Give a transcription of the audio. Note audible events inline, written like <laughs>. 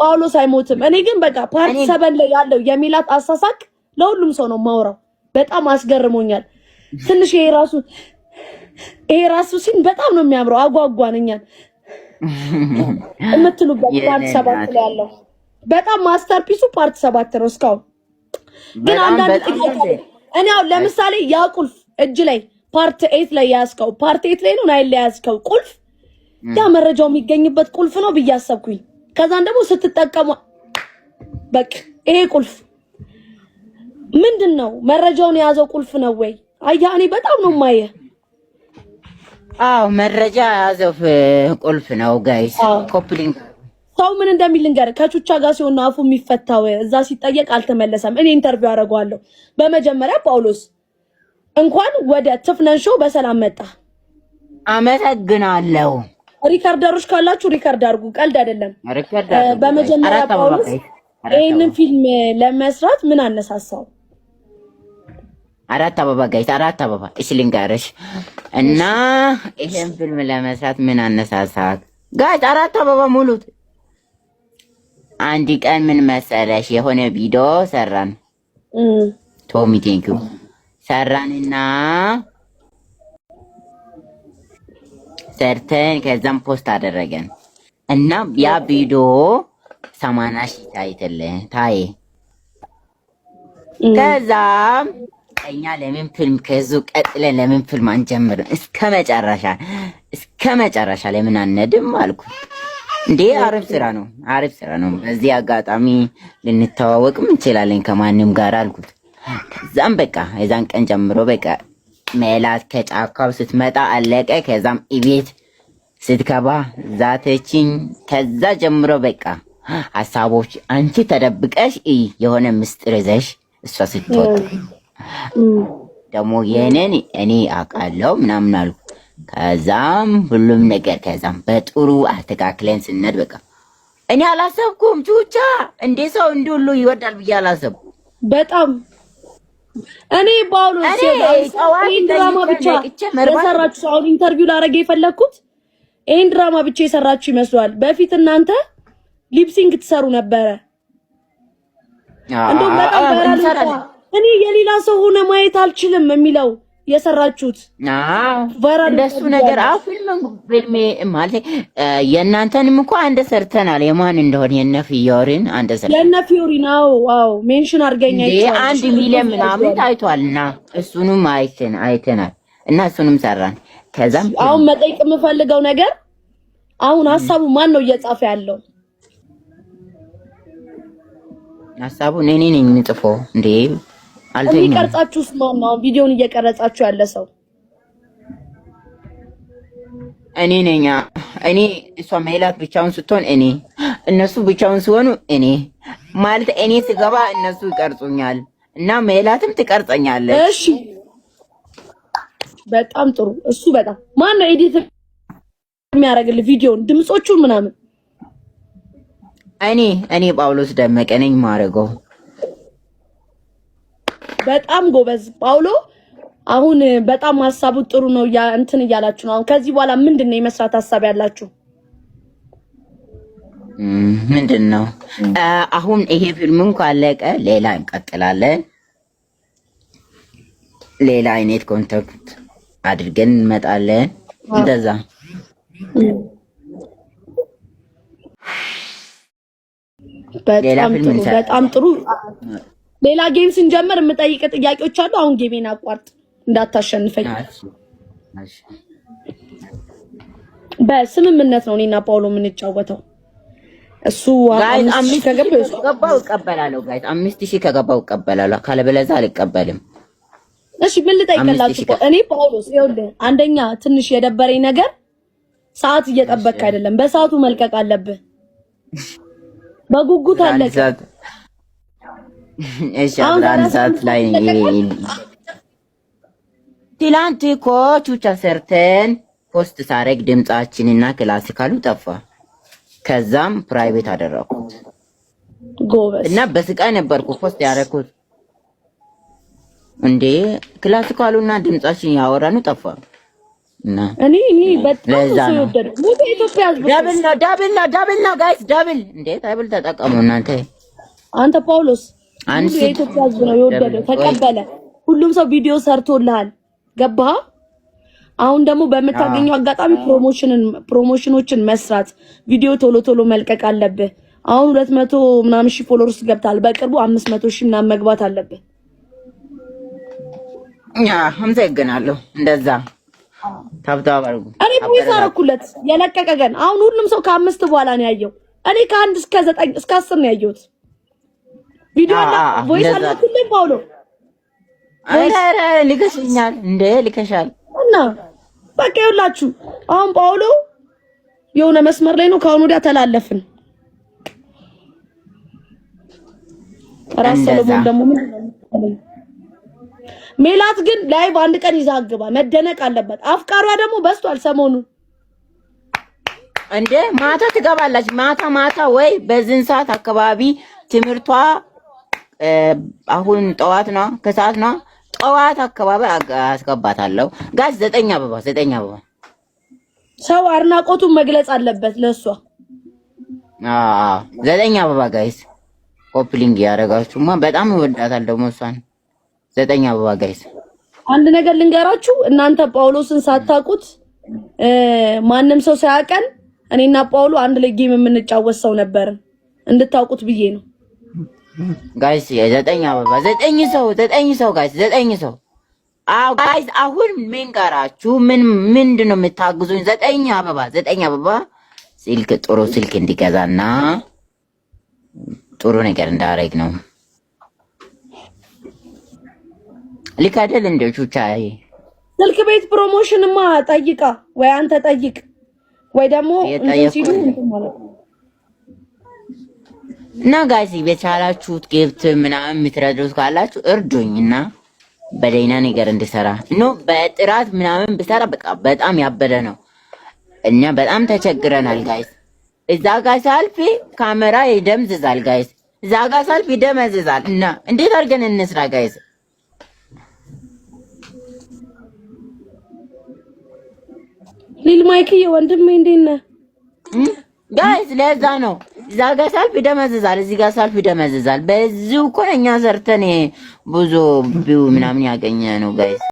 ጳውሎስ አይሞትም። እኔ ግን በቃ ፓርት ሰበን ላይ ያለው የሚላት አሳሳቅ ለሁሉም ሰው ነው ማውራው። በጣም አስገርሞኛል። ትንሽ ይሄ ራሱ ይሄ ራሱ ሲን በጣም ነው የሚያምረው። አጓጓንኛል የምትሉበት ፓርት ሰባት ላይ ያለው በጣም ማስተርፒሱ ፓርት ሰባት ነው። እስካሁን ግን አንዳንድ ጥያቄ እኔ አሁን ለምሳሌ ያ ቁልፍ እጅ ላይ ፓርት ኤት ላይ ያዝከው ፓርት ኤት ላይ ነው ናይል ላይ ያዝከው ቁልፍ ያ መረጃው የሚገኝበት ቁልፍ ነው ብዬ አሰብኩኝ። ከዛን ደግሞ ስትጠቀሙ በቃ ይሄ ቁልፍ ምንድን ነው? መረጃውን የያዘው ቁልፍ ነው ወይ? አየህ፣ እኔ በጣም ነው ማየ። አዎ፣ መረጃ የያዘው ቁልፍ ነው። ጋይስ ኮፕሊንግ ሰው ምን እንደሚል ልንገርህ። ከቹቻ ጋር ሲሆን አፉ የሚፈታው እዛ ሲጠየቅ አልተመለሰም። እኔ ኢንተርቪው አደርገዋለሁ። በመጀመሪያ ጳውሎስ እንኳን ወደ ትፍነን ሾው በሰላም መጣ። አመሰግናለሁ። ሪከርደሮች ካላችሁ ሪከርድ አድርጉ። ቀልድ አይደለም። በመጀመሪያ ጳውሎስ ይህንን ፊልም ለመስራት ምን አነሳሳው? አራት አበባ ጋይስ፣ አራት አበባ። እሺ ልንገርሽ እና ይሄን ፊልም ለመስራት ምን አነሳሳት ጋይስ? አራት አበባ ሙሉት። አንድ ቀን ምን መሰለሽ የሆነ ቪዲዮ ሰራን ቶሚ ቴንኪው ሰራንና ሰርተን ከዛም ፖስት አደረገን እና ያ ቪዲዮ ሰማንያ ሺህ ታይተለ ታይ ከዛም እኛ ለምን ፊልም ከዙ ቀጥለን ለምን ፊልም አንጀምርም? እስከ መጨረሻ እስከ መጨረሻ ለምን አንሄድም አልኩ። እንዴ አሪፍ ስራ ነው፣ አሪፍ ስራ ነው። በዚህ አጋጣሚ ልንተዋወቅም እንችላለን ከማንም ጋር አልኩት። ከዛም በቃ የዛን ቀን ጀምሮ በቃ ሜላት ከጫካው ስትመጣ አለቀ። ከዛም እቤት ስትከባ ዛተችኝ። ከዛ ጀምሮ በቃ ሀሳቦች አንቺ ተደብቀሽ የሆነ ምስጢር ይዘሽ እሷ ስትወጣ ደግሞ ይህንን እኔ አውቃለሁ ምናምን አሉ። ከዛም ሁሉም ነገር ከዛም በጥሩ አስተካክለን ስነድ በቃ እኔ አላሰብኩም። ቹቻ እንዴ ሰው እንዲህ ሁሉ ይወዳል ብዬ አላሰብኩም በጣም እኔ ባውሎ ይሄን ድራማ ብቻ የሰራችሁ ሰው አሁን ኢንተርቪው ላረገ የፈለኩት ይሄን ድራማ ብቻ የሰራችሁ ይመስሏል። በፊት እናንተ ሊፕሲንግ ትሰሩ ነበረ። እንደውም በጣም እኔ የሌላ ሰው ሆነ ማየት አልችልም የሚለው የሰራችሁት እንደሱ ነገር አሁ ፊልም ፊልም ማለት የእናንተንም እኮ አንድ ሰርተናል። የማን እንደሆነ የነ ፊዮሪን አንድ ሰርተናል። የነ ፊዮሪን አዎ፣ አዎ ሜንሽን አድርገኛ አንድ ሚሊዮን ምናምን ታይቷልና እሱንም አይተን አይተናል እና እሱንም ሰራን። ከዛም አሁን መጠይቅ የምፈልገው ነገር አሁን ሀሳቡ ማን ነው እየጻፈ ያለው? ሀሳቡ እኔ ነኝ ጽፎ እንዴ የሚቀርጻችሁስ ማን ነው? እየቀረጻችሁ ያለ ሰው እኔ ነኝ። እኔ እሷ ሜላት ብቻውን ስትሆን እኔ፣ እነሱ ብቻውን ሲሆኑ እኔ ማለት እኔ ስገባ እነሱ ይቀርጹኛል እና ሜላትም ትቀርጸኛለች። እሺ፣ በጣም ጥሩ። እሱ በጣም ማን ነው ኤዲት የሚያደርግልህ ቪዲዮውን ድምጾቹን ምናምን? እኔ እኔ ጳውሎስ ደመቀ ነኝ ማረገው በጣም ጎበዝ ጳውሎ። አሁን በጣም ሀሳቡ ጥሩ ነው። እንትን እያላችሁ ነው። አሁን ከዚህ በኋላ ምንድን ነው የመስራት ሀሳብ ያላችሁ? ምንድን ነው አሁን ይሄ እንኳን አለቀ፣ ሌላ እንቀጥላለን። ሌላ አይነት ኮንታክት አድርገን እንመጣለን። እንደዛ በጣም ጥሩ ሌላ ጌም ስንጀምር የምጠይቅ ጥያቄዎች አሉ። አሁን ጌሜን አቋርጥ እንዳታሸንፈኝ። በስምምነት ነው እኔና ጳውሎ የምንጫወተው። እሱ አምስት ከገባው እቀበላለሁ። ሺህ ከገባው እቀበላለሁ፣ ካለበለዛ አልቀበልም። እሺ ምን ልጠይቅላችሁ? እኔ ጳውሎስ ይኸውልህ፣ አንደኛ ትንሽ የደበረኝ ነገር ሰዓት እየጠበቅክ አይደለም። በሰዓቱ መልቀቅ አለብህ። በጉጉት አለቀ <laughs> እሺ አብራ አንድ ሰዓት ላይ ትላንት እኮ ቹቻ ሰርተን ፖስት ሳረግ ድምጻችንና ክላሲካሉ ጠፋ። ከዛም ፕራይቬት አደረኩት እና በስቃይ ነበርኩ ፖስት ያደረኩት። እንዴ ክላሲካሉና ድምጻችን ያወራኑ ጠፋ እና ዳብል ነው ዳብል ነው ዳብል ነው ጋይስ ዳብል እንዴ ዳብል ተጠቀሙ እናንተ አንተ ጳውሎስ አንድ የኢትዮጵያ ህዝብ ነው የወደደው፣ ተቀበለ። ሁሉም ሰው ቪዲዮ ሰርቶልሃል። ገባህ? አሁን ደግሞ በምታገኘው አጋጣሚ ፕሮሞሽንን ፕሮሞሽኖችን መስራት፣ ቪዲዮ ቶሎ ቶሎ መልቀቅ አለብህ። አሁን ሁለት መቶ ምናምን ሺህ ፎሎወርስ ገብታል። በቅርቡ አምስት መቶ ሺህ ምናምን መግባት አለብህ። ያ ሀምሳ ይገናለሁ እንደዛ ታብታብ አርጉ። እኔ ፖሊስ አደረኩለት የለቀቀ ገን አሁን ሁሉም ሰው ከአምስት በኋላ ነው ያየው። እኔ ከአንድ እስከ ዘጠኝ እስከ አስር ነው ያየሁት። ቪዲዮ አለ ቮይስ አለ ሁሌም ፓውሎ አረ ልከሽኛል እንደ ልከሻል እና በቃ ይኸውላችሁ አሁን ፓውሎ የሆነ መስመር ላይ ነው። ከአሁን ወዲያ ተላለፍን። ራስ ሰለሞን ደግሞ ሜላት ግን ላይቭ አንድ ቀን ይዛ አግባ መደነቅ አለበት። አፍቃሯ ደግሞ በስቷል ሰሞኑ እንዴ ማታ ትገባላች። ማታ ማታ ወይ በዚህን ሰዓት አካባቢ ትምህርቷ አሁን ጠዋት ነዋ፣ ከሰዓት ነዋ። ጠዋት አካባቢ አስገባታለሁ። ጋዝ ዘጠኝ አበባ ዘጠኝ አበባ። ሰው አድናቆቱን መግለጽ አለበት ለእሷ። ዘጠኝ አበባ ጋይስ፣ ኮፕሊንግ ያደረጋችሁማ በጣም እወዳታል። ደግሞ እሷን ዘጠኝ አበባ ጋይስ። አንድ ነገር ልንገራችሁ እናንተ ጳውሎስን ሳታውቁት ማንም ሰው ሳያውቀን እኔና ጳውሎ አንድ ላይ ጌም የምንጫወት ሰው ነበርን። እንድታውቁት ብዬ ነው። ጋይስ የዘጠኝ አበባ ዘጠኝ ሰው ዘጠኝ ሰው ጋይስ ዘጠኝ ሰው ጋይስ አሁን ምን ቀራችሁ? ምን ምንድን ነው የምታግዙኝ? ዘጠኝ አበባ ዘጠኝ አበባ ስልክ ጥሩ ስልክ እንዲገዛና ጥሩ ነገር እንዳደረግ ነው። ልክ አይደል? እንደ ቹቻዬ ስልክ ቤት ፕሮሞሽንማ ጠይቃ ወይ አንተ ጠይቅ ወይ ደግሞ ሲሉ ማለት ነው እና ጋዚ በቻላችሁት ገብት ምናምን የምትረዱት ካላችሁ እርዱኝና እና ነገር እንድሰራ ኖ በጥራት ምናምን ብሰራ በቃ በጣም ያበደ ነው። እኛ በጣም ተቸግረናል ጋይስ። እዛ ጋ ሳልፍ ካሜራ ይደምዝዛል ጋይስ፣ እዛ ጋ ሳልፍ ይደመዝዛል። እና እንዴት አድርገን እንስራ ጋይስ? ሊል ማይክዬ ወንድሜ እንዴት ነህ ጋይስ? ለዛ ነው እዛ ጋር ሳልፍ ይደመዝዛል፣ እዚህ ጋር ሰልፍ ይደመዝዛል። በዚሁ እኮ እኛ ዘርተን ብዙ ቢው ምናምን ያገኘ ነው ጋይስ